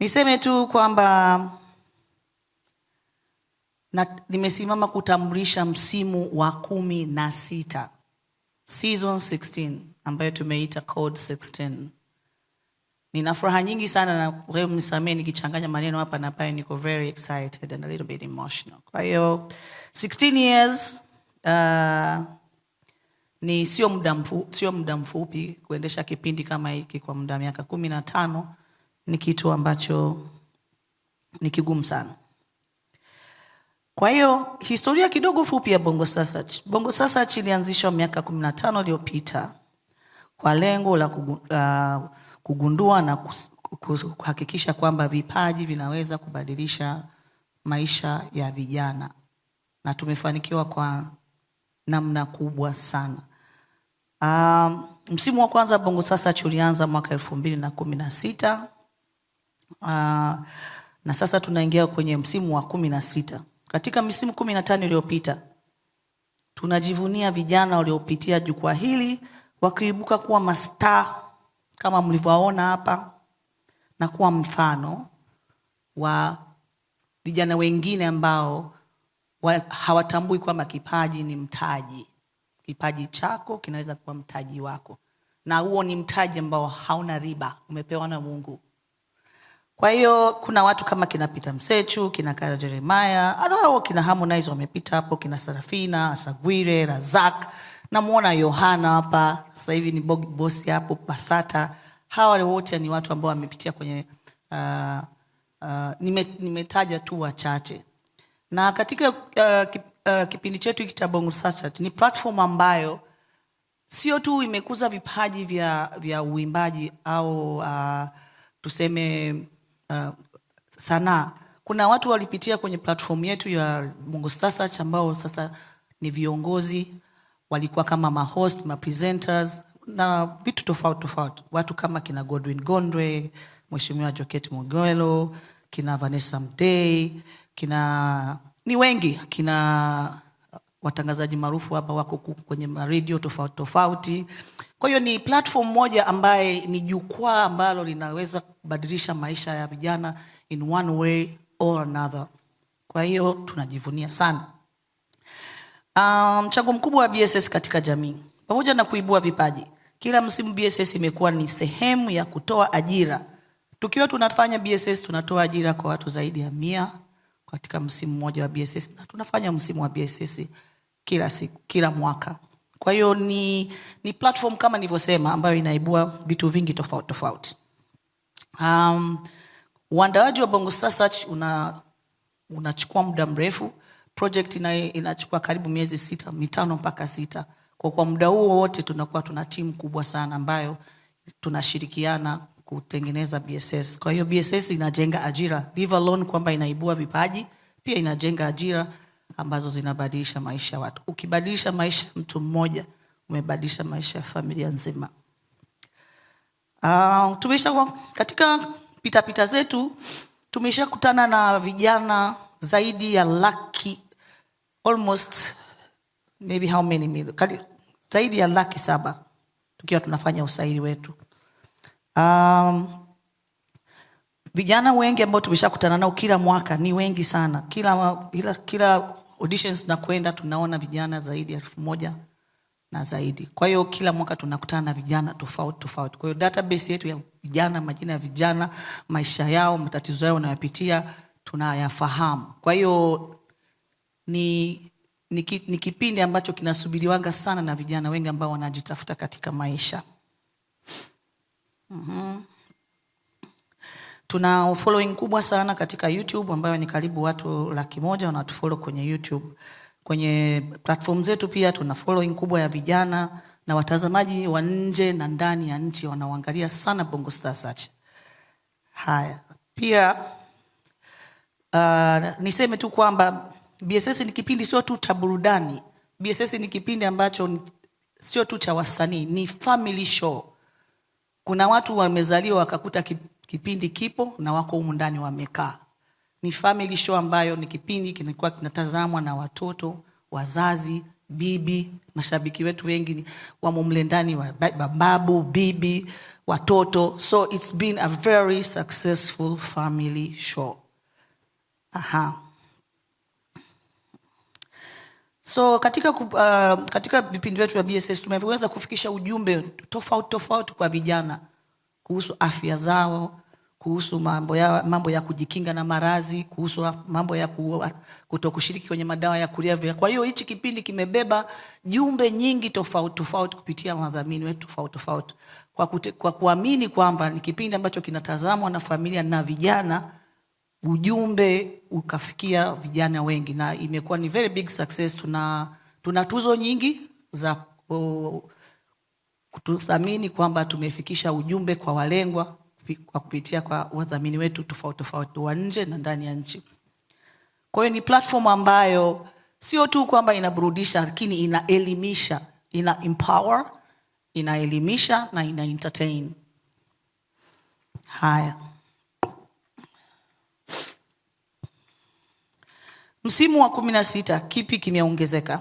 Niseme tu kwamba na nimesimama kutambulisha msimu wa kumi na sita season 16 ambayo tumeita code 16. Nina furaha nyingi sana na leo, msamee nikichanganya maneno hapa na pale, niko very excited and a little bit emotional. Kwa hiyo 16 years uh, ni sio muda mfupi, sio muda mfupi kuendesha kipindi kama hiki kwa muda wa miaka kumi na tano ni kitu ambacho ni kigumu sana. Kwa hiyo historia kidogo fupi ya Bongo Sasach. Bongo Sasach ilianzishwa miaka 15 iliyopita kwa lengo la uh, kugundua na kuhakikisha kwamba vipaji vinaweza kubadilisha maisha ya vijana, na tumefanikiwa kwa namna kubwa sana. Um, msimu wa kwanza Bongo Sasach ulianza mwaka elfu mbili na kumi na sita Uh, na sasa tunaingia kwenye msimu wa kumi na sita. Katika misimu kumi na tano iliyopita tunajivunia vijana waliopitia jukwaa hili wakiibuka kuwa mastaa kama mlivyowaona hapa na kuwa mfano wa vijana wengine ambao wa, hawatambui kwamba kipaji ni mtaji. Kipaji chako kinaweza kuwa mtaji wako, na huo ni mtaji ambao hauna riba, umepewa na Mungu. Kwa hiyo kuna watu kama kina Peter Msechu, kina Kara Jeremiah, anao kina Harmonize wamepita hapo, kina Sarafina, Asagwire, Razak, namwona Yohana hapa sasa hivi ni bosi hapo Basata. Hawa wote ni watu ambao wamepitia kwenye uh, uh, nime, nimetaja tu wachache, na katika uh, kip, uh, kipindi chetu hiki cha Bongo Sachet ni platform ambayo sio tu imekuza vipaji vya, vya uimbaji au uh, tuseme uh, sanaa. Kuna watu walipitia kwenye platform yetu ya Mungu Star Search ambao sasa ni viongozi, walikuwa kama mahost, presenters na vitu tofauti tofauti, watu kama kina Godwin Gondwe, Mheshimiwa Joketi mogelo kina Vanessa Mdee, kina ni wengi, kina watangazaji maarufu hapa wako kwenye maredio tofauti tofauti. Kwa hiyo ni platform moja ambaye ni jukwaa ambalo linaweza kubadilisha maisha ya vijana in one way or another. Kwa hiyo tunajivunia sana ah, mchango um, mkubwa wa BSS katika jamii pamoja na kuibua vipaji. Kila msimu BSS imekuwa ni sehemu ya kutoa ajira. Tukiwa tunafanya BSS tunatoa ajira kwa watu zaidi ya mia katika msimu mmoja wa BSS, na tunafanya msimu wa BSS kila siku, kila mwaka. Kwa hiyo ni, ni platform kama nilivyosema ambayo inaibua vitu vingi tofauti tofauti. Um, uandaaji wa Bongo Star Search una unachukua muda mrefu. Project ina, inachukua karibu miezi sita mitano mpaka sita. Kwa kwa muda huo wote tunakuwa tuna timu kubwa sana ambayo tunashirikiana kutengeneza BSS. Kwa hiyo BSS inajenga ajira, leave alone kwamba inaibua vipaji, pia inajenga ajira ambazo zinabadilisha maisha ya watu. Ukibadilisha maisha ya mtu mmoja, umebadilisha maisha ya familia nzima. Uh, tumesha katika pitapita pita zetu tumeshakutana na vijana zaidi ya laki almost maybe how many million, zaidi ya laki saba tukiwa tunafanya usaili wetu um, Vijana wengi ambao tumeshakutana nao kila mwaka ni wengi sana. Kila, kila, kila auditions tunakwenda tunaona vijana zaidi ya elfu moja na zaidi. Kwa hiyo kila mwaka tunakutana na vijana tofauti tofauti. Kwa hiyo database yetu ya vijana, majina ya vijana, maisha yao, matatizo yao wanayopitia tunayafahamu. Kwa hiyo ni, ni, ni kipindi ambacho kinasubiriwanga sana na vijana wengi ambao wanajitafuta katika maisha. Mm-hmm. Tuna following kubwa sana katika YouTube ambayo ni karibu watu laki moja wanatufollow kwenye YouTube. Kwenye platform zetu pia tuna following kubwa ya vijana na watazamaji wa nje na ndani ya nchi wanaoangalia sana Bongo Star Search. Haya. Pia uh, niseme tu kwamba BSS ni kipindi sio tu cha burudani. BSS ni kipindi ambacho sio tu cha wasanii, ni family show. Kuna watu wamezaliwa wakakuta Kipindi kipo na wako humu ndani wamekaa. Ni family show ambayo ni kipindi kinakuwa kinatazamwa na watoto, wazazi, bibi, mashabiki wetu wengi wamo mle ndani, babu, bibi, watoto. So it's been a very successful family show. Aha. So katika, uh, katika vipindi vyetu vya BSS tumeweza kufikisha ujumbe tofauti tofauti kwa vijana kuhusu afya zao, kuhusu mambo ya, mambo ya kujikinga na maradhi, kuhusu mambo ya kutokushiriki kwenye madawa ya kulevya. Kwa hiyo hichi kipindi kimebeba jumbe nyingi tofauti tofauti kupitia wadhamini wetu tofauti tofauti, kwa, kwa kuamini kwamba ni kipindi ambacho kinatazamwa na familia na vijana, ujumbe ukafikia vijana wengi na imekuwa ni very big success. Tuna, tuna tuzo nyingi za kututhamini kwamba tumefikisha ujumbe kwa walengwa kwa kupitia kwa wadhamini wetu tofauti tofauti wa nje na ndani ya nchi. Kwa hiyo ni platform ambayo sio tu kwamba inaburudisha, lakini inaelimisha, ina empower, inaelimisha na ina entertain. Haya, msimu wa kumi na sita, kipi kimeongezeka?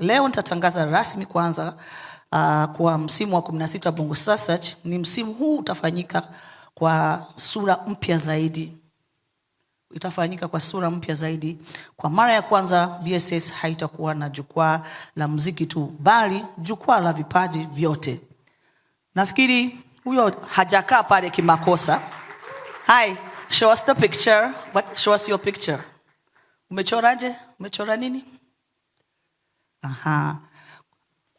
Leo nitatangaza rasmi kwanza Ah, kwa msimu wa 16 Bongo Star Search ni msimu huu utafanyika kwa sura mpya zaidi, itafanyika kwa sura mpya zaidi. Kwa mara ya kwanza BSS haitakuwa na jukwaa la mziki tu, bali jukwaa la vipaji vyote. Nafikiri huyo hajakaa pale kimakosa. Hi, show us the picture. What, show us your picture. Umechoraje? Umechora nini? Aha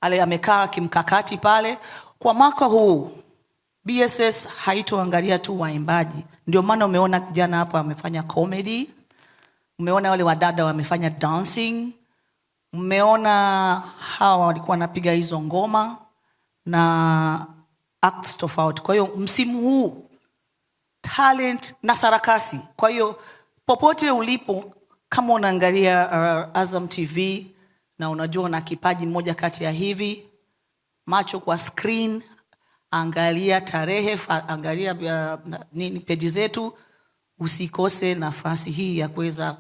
ale amekaa kimkakati pale. Kwa mwaka huu BSS haitoangalia tu waimbaji, ndio maana umeona kijana hapa amefanya comedy, umeona wale wadada wamefanya dancing, mmeona hawa walikuwa wanapiga hizo ngoma na acts tofauti. Kwa hiyo msimu huu talent na sarakasi. Kwa hiyo popote ulipo, kama unaangalia uh, Azam TV na unajua na kipaji moja kati ya hivi, macho kwa screen, angalia tarehe, angalia uh, nini peji zetu. Usikose nafasi hii ya kuweza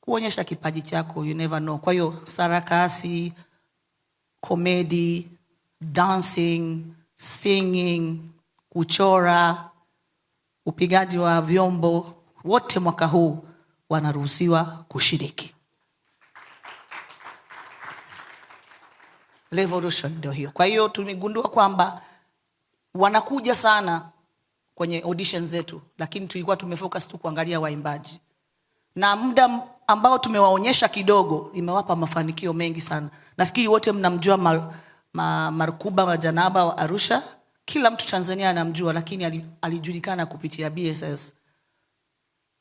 kuonyesha kipaji chako, you never know. Kwa hiyo sarakasi, komedi, dancing, singing, kuchora, upigaji wa vyombo, wote mwaka huu wanaruhusiwa kushiriki. Revolution ndio hiyo. Kwa hiyo tumegundua kwamba wanakuja sana kwenye audition zetu, lakini tulikuwa tumefocus tu kuangalia waimbaji, na muda ambao tumewaonyesha kidogo imewapa mafanikio mengi sana. Nafikiri wote mnamjua Mar ma Markuba Majanaba wa Arusha. Kila mtu Tanzania anamjua, lakini alijulikana kupitia BSS.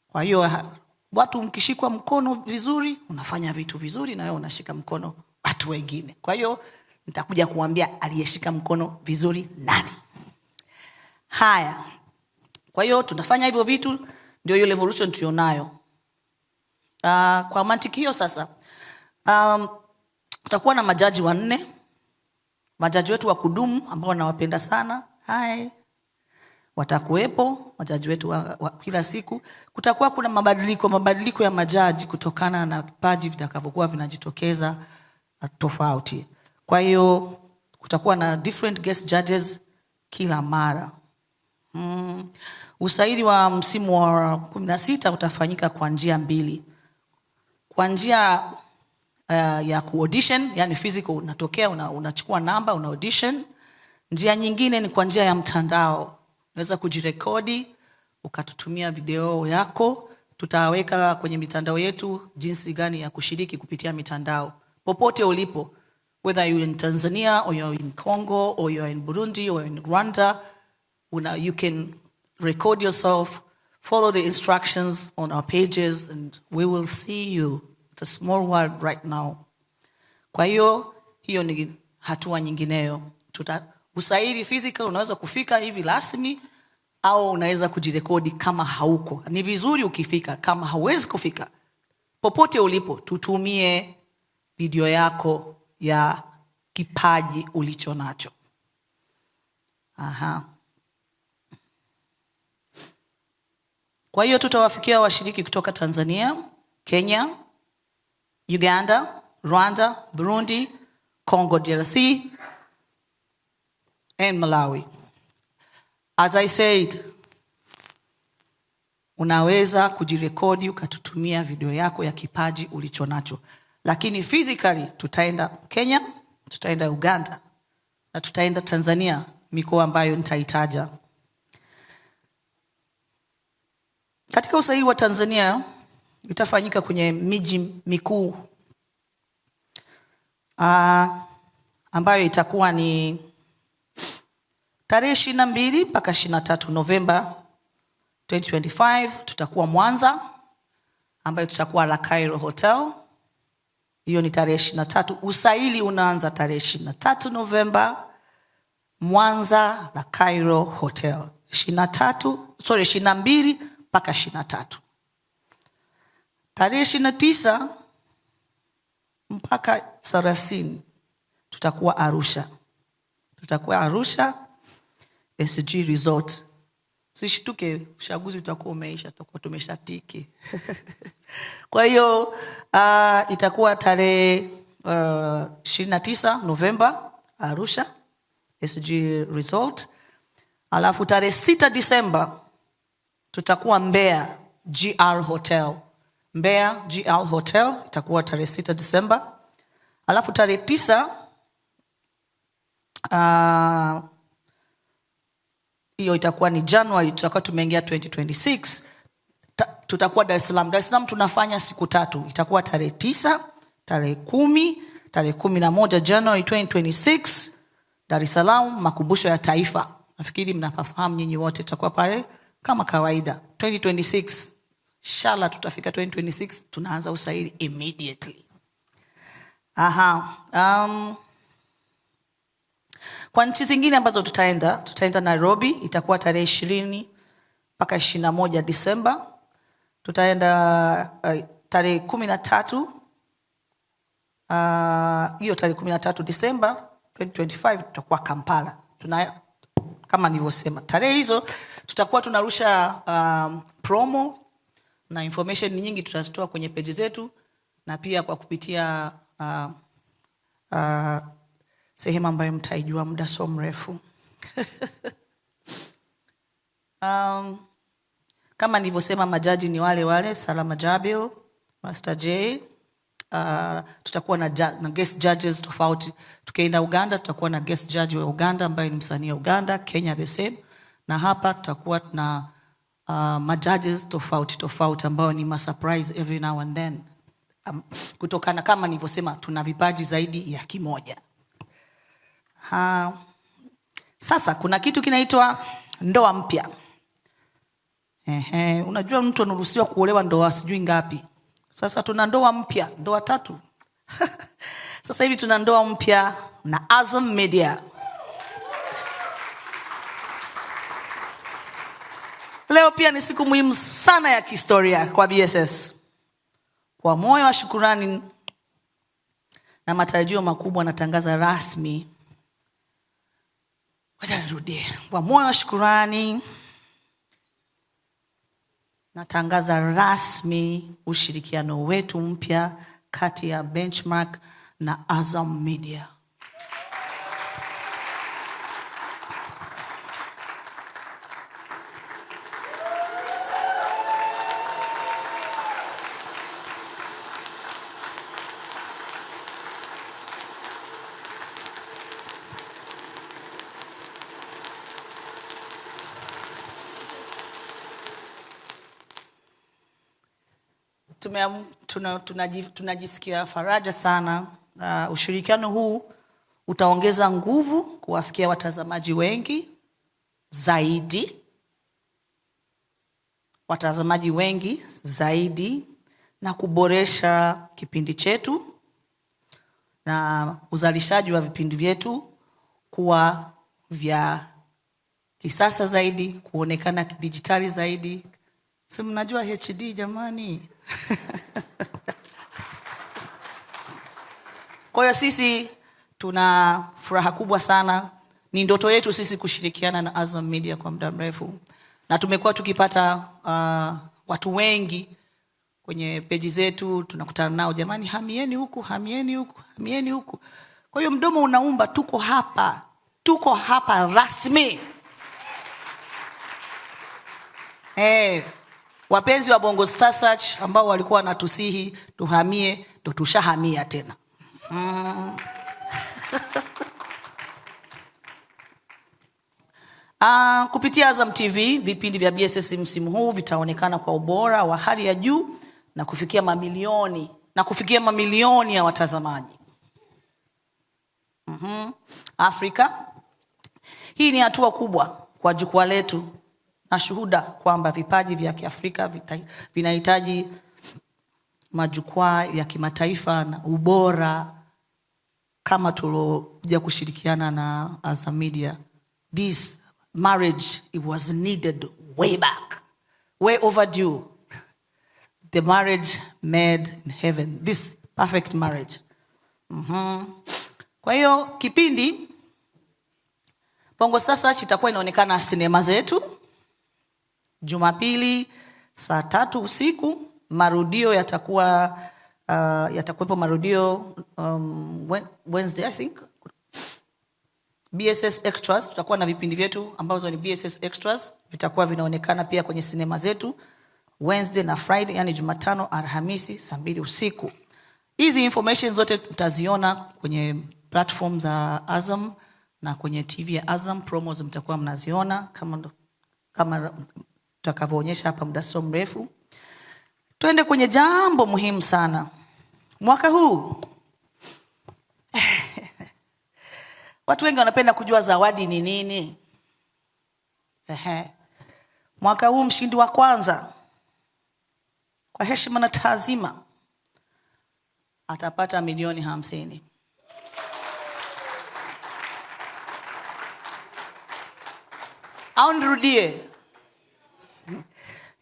Kwa hiyo watu mkishikwa mkono vizuri, unafanya vitu vizuri, na wewe unashika mkono watu wengine kwa hiyo nitakuja kuambia aliyeshika mkono vizuri nani haya kwa hiyo tunafanya hivyo vitu ndio hiyo revolution tulionayo uh, kwa mantiki hiyo sasa um, tutakuwa na majaji wanne majaji wetu wa kudumu ambao wanawapenda sana hai watakuwepo majaji wetu wa, wa, kila siku. Kutakuwa kuna mabadiliko mabadiliko ya majaji kutokana na vipaji vitakavyokuwa vinajitokeza tofauti. Kwa hiyo kutakuwa na different guest judges kila mara. Mm. Usaili wa msimu wa kumi na sita utafanyika kwa njia mbili, kwa njia uh, ya kuaudition, yani physical, unatokea una, unachukua namba una audition. Njia nyingine ni kwa njia ya mtandao, unaweza kujirekodi ukatutumia video yako, tutaweka kwenye mitandao yetu jinsi gani ya kushiriki kupitia mitandao popote ulipo, whether you're in Tanzania or you're in Congo or you're in Burundi or in Rwanda, una, you can record yourself, follow the instructions on our pages and we will see you. It's a small world right now. Kwa hiyo hiyo ni hatua nyingineyo. Tuta, usairi physical unaweza kufika hivi rasmi au unaweza kujirekodi kama hauko. Ni vizuri ukifika, kama hauwezi kufika, popote ulipo, tutumie video yako ya kipaji ulicho nacho. Aha. Kwa hiyo tutawafikia washiriki kutoka Tanzania, Kenya, Uganda, Rwanda, Burundi, Congo DRC and Malawi. As I said, unaweza kujirekodi ukatutumia video yako ya kipaji ulicho nacho lakini physically tutaenda Kenya, tutaenda Uganda na tutaenda Tanzania, mikoa ambayo nitaitaja. Katika usahili wa Tanzania itafanyika kwenye miji mikuu uh, ambayo itakuwa ni tarehe ishirini na mbili mpaka ishirini tatu Novemba 2025 tutakuwa Mwanza, ambayo tutakuwa La Cairo Hotel hiyo ni tarehe ishirini na tatu. Usaili unaanza tarehe ishirini na tatu Novemba Mwanza na Cairo Hotel, ishirini na tatu sorry, ishirini na mbili mpaka ishirini na tatu. Tarehe ishirini na tisa mpaka thelathini tutakuwa Arusha, tutakuwa Arusha SG Resort Sishtuke, uchaguzi utakuwa umeisha, tutakuwa tumeshatiki. Kwa hiyo uh, itakuwa tarehe ah, ishirini uh, na tisa Novemba Arusha SG result, alafu tarehe sita Disemba tutakuwa Mbeya GR Hotel. Mbeya GR Hotel itakuwa tarehe sita Disemba, alafu tarehe tisa uh, hiyo itakuwa ni january tutakuwa tumeingia 2026 ta, tutakuwa dar es salaam dar es salaam tunafanya siku tatu itakuwa tarehe tisa tarehe kumi tarehe kumi na moja january 2026 dar es salaam makumbusho ya taifa nafikiri mnapafahamu nyinyi wote tutakuwa pale kama kawaida 2026 shala tutafika 2026 tunaanza usaili immediately aha um, kwa nchi zingine ambazo tutaenda, tutaenda Nairobi, itakuwa tarehe ishirini mpaka ishirini moja Disemba. Tutaenda uh, tarehe kumi na tatu ah, hiyo uh, tarehe kumi na tatu Disemba 2025 tutakuwa Kampala. Tuna, kama nilivyosema tarehe hizo tutakuwa tunarusha um, promo na information nyingi tutazitoa kwenye peji zetu na pia kwa kupitia uh, uh, sehemu ambayo mtaijua muda sio mrefu. Um, kama nilivyosema majaji ni wale wale Salama Jabil, Master J. Uh, tutakuwa na, na guest judges tofauti. Tukienda Uganda tutakuwa na guest judge wa Uganda ambaye ni msanii wa Uganda, Kenya the same, na hapa tutakuwa na uh, majudges tofauti tofauti ambao ni ma surprise every now and then um, kutokana kama nilivyosema tuna vipaji zaidi ya kimoja. Ha, sasa kuna kitu kinaitwa ndoa mpya. Ehe, unajua mtu anaruhusiwa kuolewa ndoa sijui ngapi. Sasa tuna ndoa mpya, ndoa tatu. Sasa hivi tuna ndoa mpya na Azam Media. Leo pia ni siku muhimu sana ya kihistoria kwa BSS. Kwa moyo wa shukurani na matarajio makubwa, natangaza rasmi wacha nirudie kwa moyo shukurani natangaza rasmi ushirikiano wetu mpya kati ya benchmark na azam media tunajisikia tuna, tuna, tuna faraja sana na uh, ushirikiano huu utaongeza nguvu kuwafikia watazamaji wengi zaidi, watazamaji wengi zaidi, na kuboresha kipindi chetu na uzalishaji wa vipindi vyetu kuwa vya kisasa zaidi, kuonekana kidijitali zaidi, si mnajua HD jamani. Kwa hiyo sisi tuna furaha kubwa sana. Ni ndoto yetu sisi kushirikiana na Azam Media kwa muda mrefu, na tumekuwa tukipata uh, watu wengi kwenye peji zetu, tunakutana nao, jamani, hamieni huku, hamieni huku, hamieni huku. Kwa hiyo mdomo unaumba, tuko hapa, tuko hapa rasmi eh. Wapenzi wa Bongo Star Search ambao walikuwa wanatusihi tuhamie, ndo tushahamia tena mm. Uh, kupitia Azam TV vipindi vya BSS msimu huu vitaonekana kwa ubora wa hali ya juu na kufikia mamilioni na kufikia mamilioni ya watazamaji mm -hmm. Afrika. Hii ni hatua kubwa kwa jukwaa letu na shuhuda kwamba vipaji vya Kiafrika vinahitaji majukwaa ya kimataifa na ubora kama tulokuja kushirikiana na Azam Media. This marriage it was needed way back, way overdue. The marriage made in heaven, this perfect marriage. Mm -hmm. Kwa hiyo kipindi Bongo sasa chitakuwa inaonekana sinema zetu Jumapili saa tatu usiku marudio yatakuwa uh, yatakuwepo marudio um, Wednesday I think BSS Extras, tutakuwa na vipindi vyetu ambazo ni BSS Extras vitakuwa vinaonekana pia kwenye sinema zetu Wednesday na Friday, yani Jumatano, Alhamisi saa mbili usiku. Hizi information zote mtaziona kwenye platform za Azam na kwenye TV ya Azam, promos mtakuwa mnaziona kama kama tutakavyoonyesha hapa muda sio mrefu. Twende kwenye jambo muhimu sana mwaka huu. Watu wengi wanapenda kujua zawadi ni nini. Ehe. Mwaka huu mshindi wa kwanza kwa heshima na taazima atapata milioni hamsini. Au nirudie,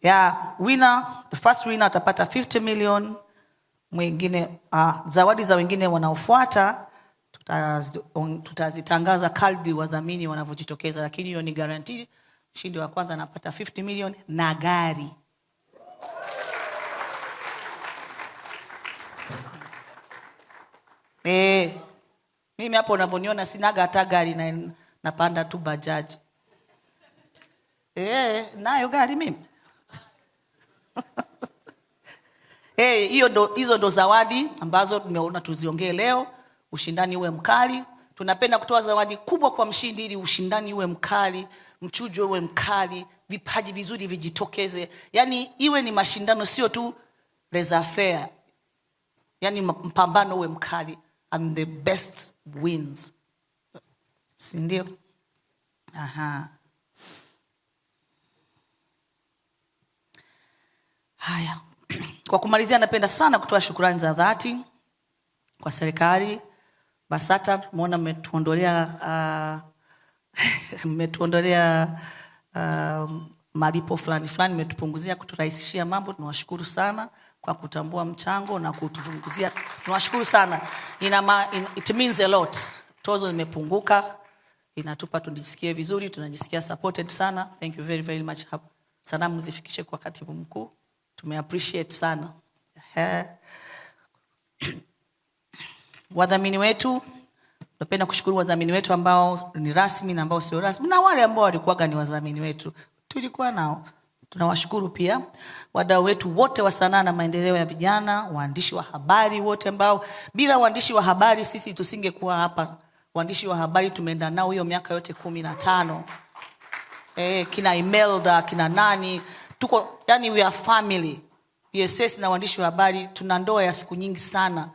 ya winner, the first winner atapata 50 million. Mwingine uh, zawadi za wengine wanaofuata tutazitangaza kaldi wadhamini wanavyojitokeza, lakini hiyo ni garanti Mshindi wa kwanza anapata 50 million na gari. E, mimi hapo unavyoniona sinaga hata gari na, napanda tu bajaji e, nayo gari mimi hiyo do, hizo ndo zawadi ambazo tumeona tuziongee leo. Ushindani uwe mkali, tunapenda kutoa zawadi kubwa kwa mshindi ili ushindani uwe mkali, mchujo uwe mkali, vipaji vizuri vijitokeze, yaani iwe ni mashindano, sio tu laissez-faire, yaani mpambano uwe mkali and the best wins, si ndio? Aha. Haya, kwa kumalizia, napenda sana kutoa shukrani za dhati kwa serikali, BASATA. Tumeona mmetuondolea ah, mmetuondolea uh, uh, malipo fulani fulani, mmetupunguzia kuturahisishia mambo. Tunawashukuru sana kwa kutambua mchango na kutupunguzia, tunawashukuru sana Inama, in, it means a lot. Tozo imepunguka, inatupa tujisikie vizuri, tunajisikia supported sana. Thank you very very much. Salamu zifikishe kwa katibu mkuu tumeappreciate sana wadhamini wetu napenda kushukuru wadhamini wetu ambao ni rasmi na ambao sio rasmi na wale ambao walikuwaga ni wadhamini wetu tulikuwa nao tunawashukuru pia wadau wetu wote wa sanaa na maendeleo ya vijana waandishi wa habari wote ambao bila waandishi wa habari sisi tusingekuwa hapa waandishi wa habari tumeenda nao hiyo miaka yote kumi na tano e, kina imelda kina nani tuko yani, we are family PSS na waandishi wa habari tuna ndoa ya siku nyingi sana,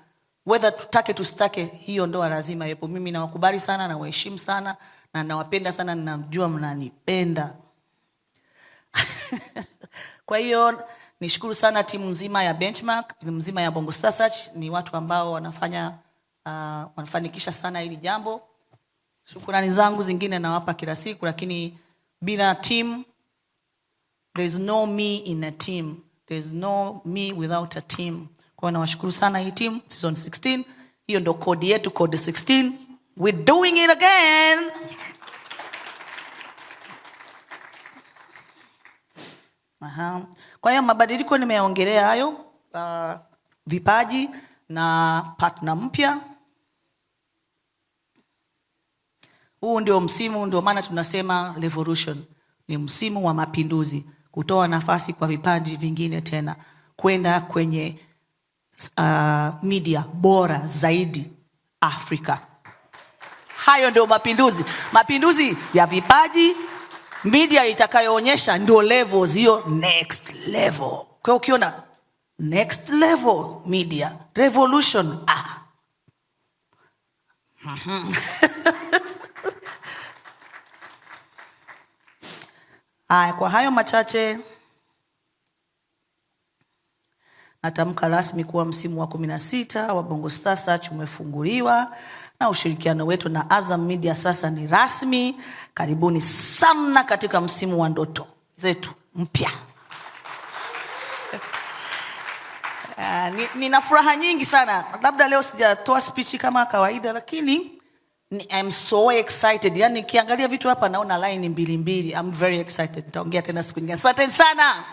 whether tutake tustake hiyo ndoa lazima iwepo. Mimi nawakubali sana, nawaheshimu sana na nawapenda sana, ninajua mnanipenda kwa hiyo nishukuru sana timu nzima ya Benchmark, timu nzima ya Bongo Star ni watu ambao wanafanya uh, wanafanikisha sana hili jambo. Shukrani zangu zingine nawapa kila siku, lakini bila timu There's no me in a team. There's no me without a team. Kwa nawashukuru sana hii team season 16. Hiyo ndo kodi yetu, kodi 16. We're doing it again. Aha. Kwa hiyo mabadiliko nimeongelea hayo, uh, vipaji na partner mpya. Huu ndio msimu, ndio maana tunasema revolution, ni msimu wa mapinduzi hutoa nafasi kwa vipaji vingine tena kwenda kwenye uh, media bora zaidi Afrika. Hayo ndio mapinduzi, mapinduzi ya vipaji, media itakayoonyesha ndio levels hiyo, next level. Kwa ukiona next level media revolution ah. Mhm. Aya, kwa hayo machache natamka rasmi kuwa msimu wa kumi na sita wa Bongo Star Search umefunguliwa na ushirikiano wetu na Azam Media sasa ni rasmi. Karibuni sana katika msimu wa ndoto zetu mpya. Uh, nina ni furaha nyingi sana. Labda leo sijatoa spichi kama kawaida, lakini I'm so excited. yani kiangalia vitu hapa naona line mbili mbili. I'm very excited. Nitaongea tena siku nyingine. Asante sana.